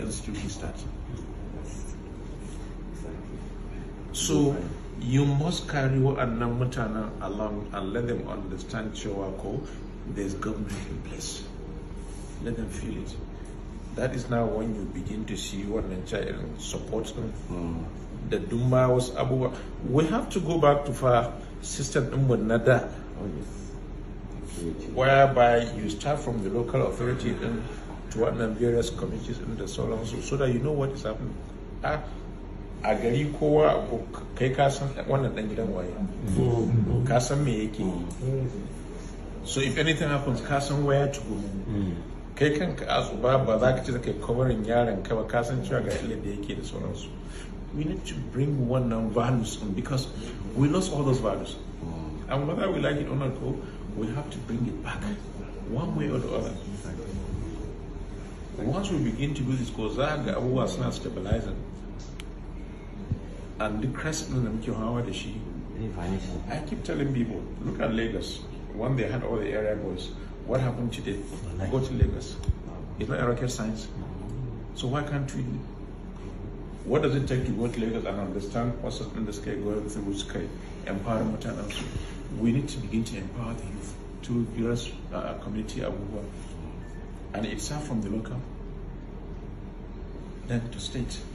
else to teach So you must carry your mutanen along and let them understand your call. there's government in place. Let them feel it. That is now when you begin to see wannan child support them. Mm. Da dumma wasu We have to go back to far system ɗinmu na oh, Whereby you start from the local authority and to one of various committees in the sauran su so that you know what is happening a ah, gari kowa kai ka san wannan dan gidan waye ka san me yake so if anything happens ka san where to go kai kanka azuba ba za ka ci kai covering yaron ka ba ka san cewa ga ilin da yake da sauransu we need to bring one now values in because we lost all those values and whether we like it or not go we have to bring it back one way or the other once we begin to do this ko za ga abubuwa stabilizing and the crisis da muke hawa da I keep telling people, look at Lagos. When they had all the area boys, what happened today? Go to Lagos. It's not a rocket science. So why can't we? What does it take to go to Lagos and understand what's in the sky going through sky? Empower mutanensu. We need to begin to empower the youth to various uh, community abubuwa. And it starts from the local than to state.